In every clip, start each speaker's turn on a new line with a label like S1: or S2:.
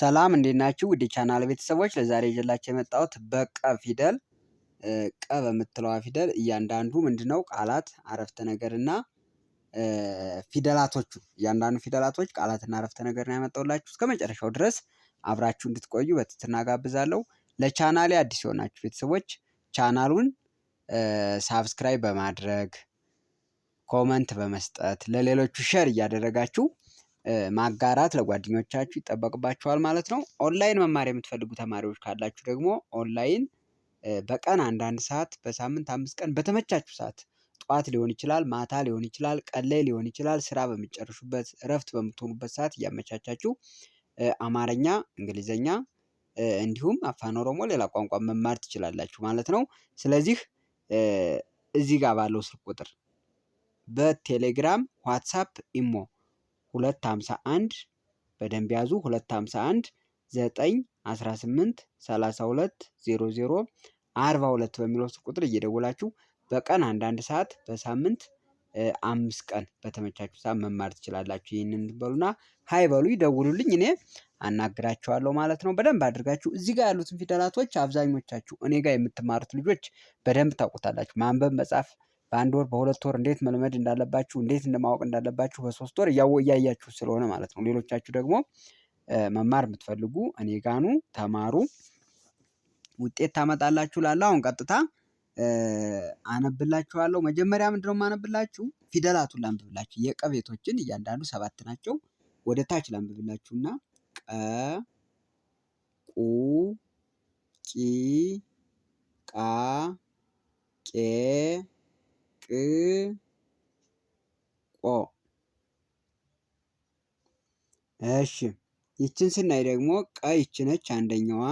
S1: ሰላም እንዴት ናችሁ? ውድ ቻናል ቤተሰቦች ለዛሬ ይዤላችሁ የመጣሁት በቀ ፊደል ቀ በምትለዋ ፊደል እያንዳንዱ ምንድነው ቃላት፣ አረፍተ ነገርና ፊደላቶቹ እያንዳንዱ ፊደላቶች ቃላትና አረፍተ ነገር ነው ያመጣሁላችሁ። እስከ መጨረሻው ድረስ አብራችሁ እንድትቆዩ በትህትና ጋብዛለሁ። ለቻናሌ አዲስ የሆናችሁ ቤተሰቦች ቻናሉን ሳብስክራይብ በማድረግ ኮመንት በመስጠት ለሌሎቹ ሸር እያደረጋችሁ ማጋራት ለጓደኞቻችሁ ይጠበቅባችኋል ማለት ነው። ኦንላይን መማር የምትፈልጉ ተማሪዎች ካላችሁ ደግሞ ኦንላይን በቀን አንዳንድ ሰዓት በሳምንት አምስት ቀን በተመቻችሁ ሰዓት ጠዋት ሊሆን ይችላል ማታ ሊሆን ይችላል ቀን ላይ ሊሆን ይችላል ስራ በምትጨርሱበት እረፍት በምትሆኑበት ሰዓት እያመቻቻችሁ አማርኛ እንግሊዘኛ እንዲሁም አፋን ኦሮሞ ሌላ ቋንቋ መማር ትችላላችሁ ማለት ነው። ስለዚህ እዚህ ጋር ባለው ስልክ ቁጥር በቴሌግራም ዋትሳፕ ኢሞ ሁለት ሃምሳ አንድ በደንብ ያዙ። ሁለት ሃምሳ አንድ ዘጠኝ አስራ ስምንት ሰላሳ ሁለት ዜሮ ዜሮ አርባ ሁለት በሚለው ቁጥር እየደወላችሁ በቀን አንዳንድ ሰዓት በሳምንት አምስት ቀን በተመቻችሁ ሰዓት መማር ትችላላችሁ። ይህንን በሉና ሀይ በሉ ይደውሉልኝ፣ እኔ አናግራችኋለሁ ማለት ነው። በደንብ አድርጋችሁ እዚህ ጋር ያሉትን ፊደላቶች አብዛኞቻችሁ እኔ ጋር የምትማሩት ልጆች በደንብ ታውቁታላችሁ። ማንበብ መጻፍ በአንድ ወር በሁለት ወር እንዴት መልመድ እንዳለባችሁ እንዴት እንደማወቅ እንዳለባችሁ በሶስት ወር እያወ እያያችሁ ስለሆነ ማለት ነው። ሌሎቻችሁ ደግሞ መማር የምትፈልጉ እኔ ጋኑ ተማሩ ውጤት ታመጣላችሁ ላለ አሁን ቀጥታ አነብላችኋለሁ መጀመሪያ ምንድነው የማነብላችሁ ፊደላቱን ላንብብላችሁ የቀቤቶችን እያንዳንዱ ሰባት ናቸው። ወደ ታች ላንብብላችሁ እና ቀ ቁ ቂ ቃ ቄ ጥቆ እሺ ይችን ስናይ ደግሞ ቀ ይችነች አንደኛዋ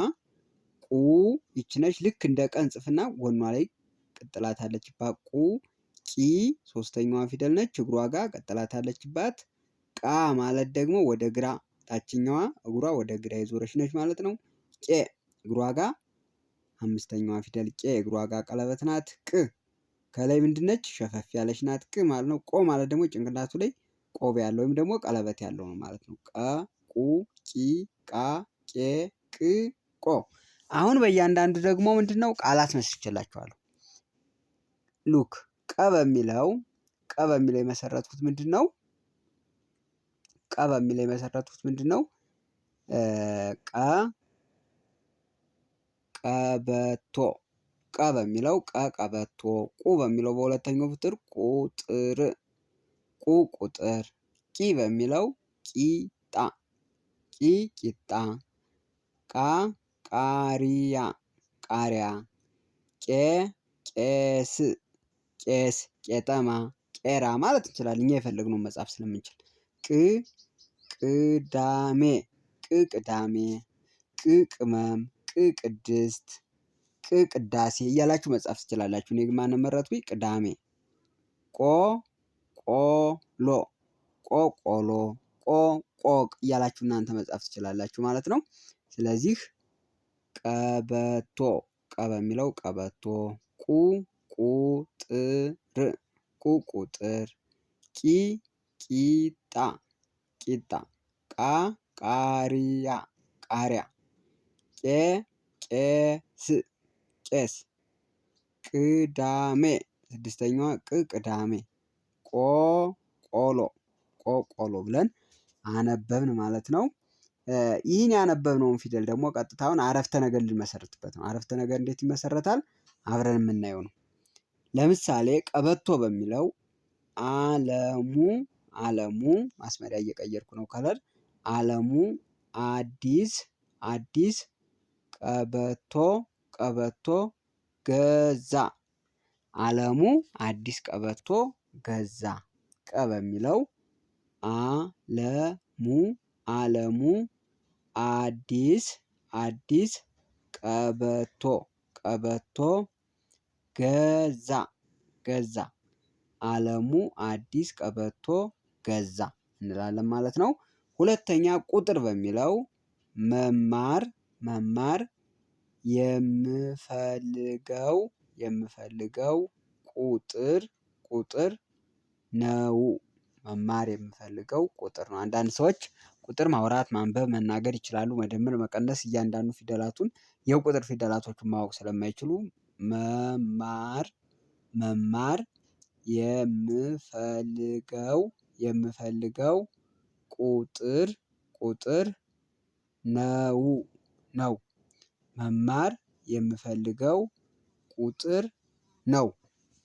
S1: ቁ ይችነች ልክ እንደ ቀን ጽፍና ጎኗ ላይ ቀጥላታለችባት ቁ ቂ ሶስተኛዋ ፊደል ነች እግሯ ጋር ቀጥላታለችባት ቃ ማለት ደግሞ ወደ ግራ ታችኛዋ እግሯ ወደ ግራ የዞረች ነች ማለት ነው። ቄ እግሯ ጋር አምስተኛዋ ፊደል ቄ እግሯ ጋር ቀለበት ናት። ቅ ከላይ ምንድን ነች ሸፈፍ ያለች ናት ቅ ማለት ነው። ቆ ማለት ደግሞ ጭንቅላቱ ላይ ቆብ ያለው ወይም ደግሞ ቀለበት ያለው ነው ማለት ነው። ቀ ቁ ቂ ቃ ቄ ቅ ቆ። አሁን በእያንዳንዱ ደግሞ ምንድን ነው ቃላት መስርቼላችኋለሁ። ሉክ ቀ በሚለው ቀ በሚለው የመሰረትኩት ምንድን ነው? ቀ በሚለው የመሰረትኩት ምንድን ነው? ቀ ቀበቶ ቀ በሚለው ቀ ቀበቶ፣ ቁ በሚለው በሁለተኛው ቁጥር ቁጥር፣ ቁ ቁጥር፣ ቂ በሚለው ቂጣ፣ ቂ ቂጣ፣ ቃ ቃሪያ፣ ቃሪያ፣ ቄ ቄስ፣ ቄስ፣ ቄጠማ፣ ቄራ ማለት እንችላለን እኛ የፈለግነውን መጽሐፍ ስለምንችል። ቅ ቅዳሜ፣ ቅ ቅዳሜ፣ ቅ ቅመም፣ ቅ ቅድስት ቅዳሴ እያላችሁ መጻፍ ትችላላችሁ። እኔ ግማ ነመረትኩ ቅዳሜ። ቆ ቆሎ፣ ቆቆሎ፣ ቆ ቆቅ እያላችሁ እናንተ መጻፍ ትችላላችሁ ማለት ነው። ስለዚህ ቀበቶ፣ ቀ በሚለው ቀበቶ፣ ቁ ቁጥር፣ ቁ ቁጥር፣ ቂ ቂጣ፣ ቂጣ፣ ቃ ቃሪያ፣ ቃሪያ፣ ቄ ቄስ ቄስ ቅዳሜ ስድስተኛዋ ቅ ቅዳሜ ቆ ቆሎ ቆ ቆሎ ብለን አነበብን ማለት ነው። ይህን ያነበብነውን ፊደል ደግሞ ቀጥታውን አረፍተ ነገር ልንመሰረትበት ነው። አረፍተ ነገር እንዴት ይመሰረታል? አብረን የምናየው ነው። ለምሳሌ ቀበቶ በሚለው አለሙ አለሙ ማስመሪያ እየቀየርኩ ነው ከለር አለሙ አዲስ አዲስ ቀበቶ ቀበቶ ገዛ። አለሙ አዲስ ቀበቶ ገዛ። ቀ በሚለው አለሙ አለሙ አዲስ አዲስ ቀበቶ ቀበቶ ገዛ ገዛ። አለሙ አዲስ ቀበቶ ገዛ እንላለን ማለት ነው። ሁለተኛ ቁጥር በሚለው መማር መማር የምፈልገው የምፈልገው ቁጥር ቁጥር ነው መማር የምፈልገው ቁጥር ነው። አንዳንድ ሰዎች ቁጥር ማውራት ማንበብ መናገር ይችላሉ መደመር መቀነስ እያንዳንዱ ፊደላቱን የቁጥር ፊደላቶቹን ማወቅ ስለማይችሉ መማር መማር የምፈልገው የምፈልገው ቁጥር ቁጥር ነው ነው መማር የምፈልገው ቁጥር ነው።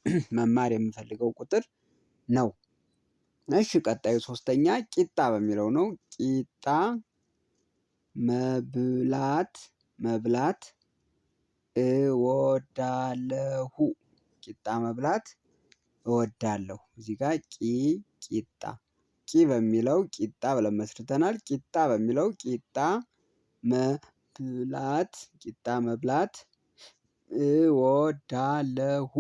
S1: መማር የምፈልገው ቁጥር ነው። እሺ ቀጣዩ ሶስተኛ ቂጣ በሚለው ነው ቂጣ መብላት መብላት እወዳለሁ ቂጣ መብላት እወዳለሁ እዚህ ጋር ቂ ቂጣ ቂ በሚለው ቂጣ ብለን መስርተናል ቂጣ በሚለው ቂጣ መብላት ቂጣ መብላት እወዳለሁ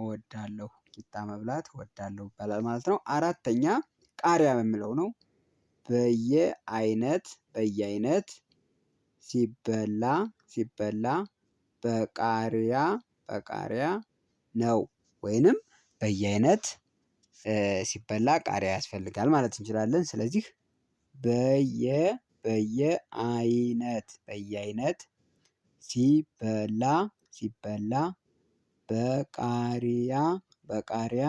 S1: እወዳለሁ ቂጣ መብላት እወዳለሁ ይባላል ማለት ነው። አራተኛ ቃሪያ የምንለው ነው። በየአይነት በየአይነት ሲበላ ሲበላ በቃሪያ በቃሪያ ነው ወይንም በየአይነት ሲበላ ቃሪያ ያስፈልጋል ማለት እንችላለን። ስለዚህ በየ በየአይነት በየአይነት ሲበላ ሲበላ በቃሪያ በቃሪያ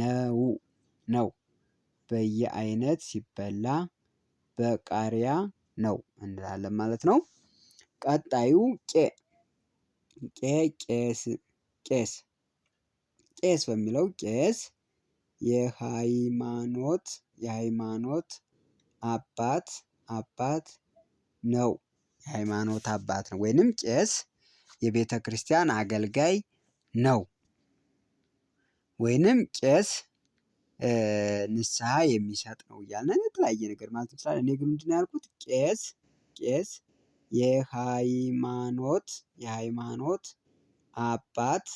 S1: ነው ነው በየአይነት ሲበላ በቃሪያ ነው እንላለን ማለት ነው። ቀጣዩ ቄ ቄ ቄስ ቄስ ቄስ በሚለው ቄስ የሃይማኖት የሃይማኖት አባት አባት ነው። የሃይማኖት አባት ነው ወይንም ቄስ የቤተ ክርስቲያን አገልጋይ ነው። ወይንም ቄስ ንስሐ የሚሰጥ ነው እያልን የተለያየ ነገር ማለት እንችላለን። እኔ ግን ምንድነው ያልኩት ቄስ ቄስ የሃይማኖት የሃይማኖት አባት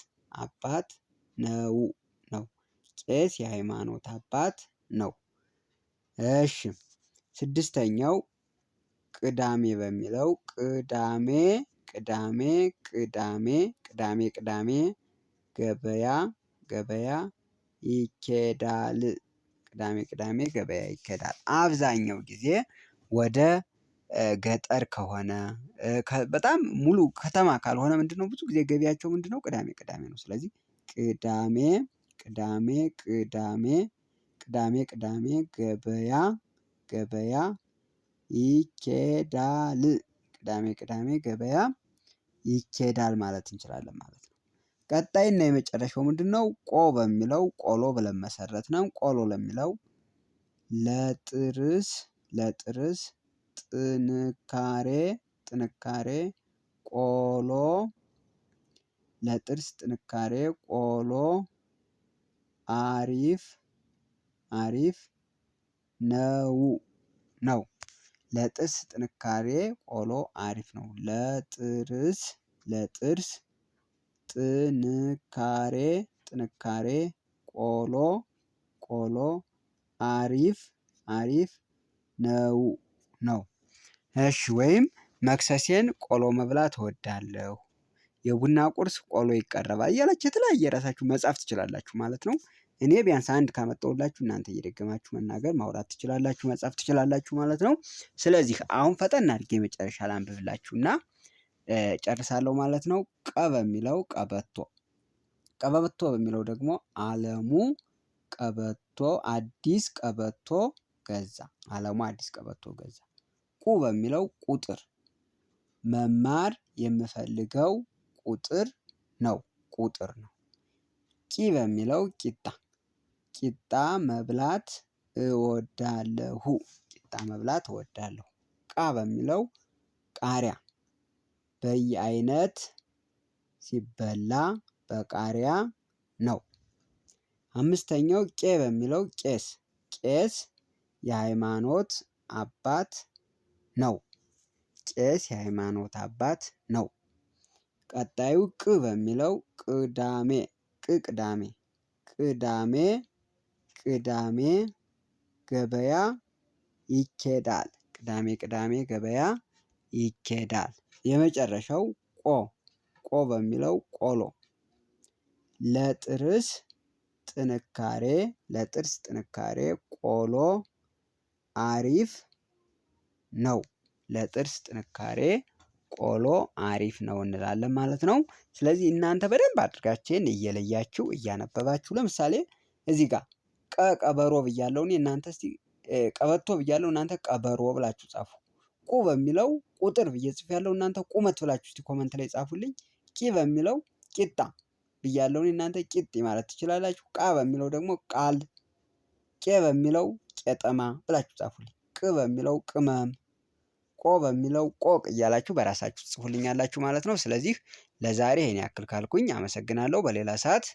S1: አባት ነው ነው ቄስ የሃይማኖት አባት ነው። እሺ ስድስተኛው ቅዳሜ በሚለው ቅዳሜ ቅዳሜ ቅዳሜ ቅዳሜ ቅዳሜ ገበያ ገበያ ይኬዳል ቅዳሜ ቅዳሜ ገበያ ይኬዳል አብዛኛው ጊዜ ወደ ገጠር ከሆነ በጣም ሙሉ ከተማ ካልሆነ ነው ብዙ ጊዜ ገቢያቸው ምንድነው ቅዳሜ ቅዳሜ ነው። ስለዚህ ቅዳሜ ቅዳሜ ቅዳሜ ቅዳሜ ቅዳሜ ገበያ ገበያ ይኬዳል። ቅዳሜ ቅዳሜ ገበያ ይኬዳል ማለት እንችላለን ማለት ነው። ቀጣይና የመጨረሻው ምንድን ነው? ቆ በሚለው ቆሎ ብለን መሰረት ነው። ቆሎ ለሚለው ለጥርስ ለጥርስ ጥንካሬ ጥንካሬ ቆሎ ለጥርስ ጥንካሬ ቆሎ አሪፍ አሪፍ ነው ነው ለጥርስ ጥንካሬ ቆሎ አሪፍ ነው። ለጥርስ ለጥርስ ጥንካሬ ጥንካሬ ቆሎ ቆሎ አሪፍ አሪፍ ነው ነው። እሺ ወይም መክሰሴን ቆሎ መብላት እወዳለሁ። የቡና ቁርስ ቆሎ ይቀረባል እያላችሁ የተለያየ የራሳችሁ መጻፍ ትችላላችሁ ማለት ነው እኔ ቢያንስ አንድ ካመጣሁላችሁ እናንተ እየደገማችሁ መናገር ማውራት ትችላላችሁ፣ መጻፍ ትችላላችሁ ማለት ነው። ስለዚህ አሁን ፈጠን አድርጌ መጨረሻ ላንብብላችሁ እና ጨርሳለሁ ማለት ነው። ቀ በሚለው ቀበቶ፣ ቀበቶ በሚለው ደግሞ አለሙ ቀበቶ አዲስ ቀበቶ ገዛ። አለሙ አዲስ ቀበቶ ገዛ። ቁ በሚለው ቁጥር መማር የምፈልገው ቁጥር ነው። ቁጥር ነው። ቂ በሚለው ቂጣ ቂጣ መብላት እወዳለሁ ቂጣ መብላት እወዳለሁ። ቃ በሚለው ቃሪያ በየአይነት ሲበላ በቃሪያ ነው። አምስተኛው ቄ በሚለው ቄስ ቄስ የሃይማኖት አባት ነው። ቄስ የሃይማኖት አባት ነው። ቀጣዩ ቅ በሚለው ቅዳሜ ቅ ቅዳሜ ቅዳሜ ቅዳሜ ገበያ ይኬዳል ቅዳሜ ቅዳሜ ገበያ ይኬዳል። የመጨረሻው ቆ ቆ በሚለው ቆሎ ለጥርስ ጥንካሬ ለጥርስ ጥንካሬ ቆሎ አሪፍ ነው። ለጥርስ ጥንካሬ ቆሎ አሪፍ ነው እንላለን ማለት ነው። ስለዚህ እናንተ በደንብ አድርጋችሁ እየለያችሁ እያነበባችሁ ለምሳሌ እዚህ ጋር ቀቀበሮ ቀበሮ ብያለሁ እኔ እናንተ እስቲ ቀበቶ ብያለሁ እናንተ ቀበሮ ብላችሁ ጻፉ። ቁ በሚለው ቁጥር ብዬ ያለው እናንተ ቁመት ብላችሁ እስቲ ኮመንት ላይ ጻፉልኝ። ቂ በሚለው ቂጣ ብያለሁ እኔ እናንተ ቂጥ ማለት ትችላላችሁ። ቃ በሚለው ደግሞ ቃል ቄ በሚለው ቄጠማ ብላችሁ ጻፉልኝ። ቅ በሚለው ቅመም ቆ በሚለው ቆቅ እያላችሁ በራሳችሁ ትጽፉልኛላችሁ ማለት ነው። ስለዚህ ለዛሬ ይሄን ያክል ካልኩኝ አመሰግናለሁ። በሌላ ሰዓት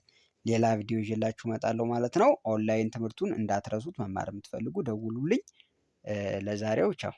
S1: ሌላ ቪዲዮ ይዤላችሁ እመጣለሁ ማለት ነው። ኦንላይን ትምህርቱን እንዳትረሱት። መማር የምትፈልጉ ደውሉልኝ። ለዛሬው ቻው።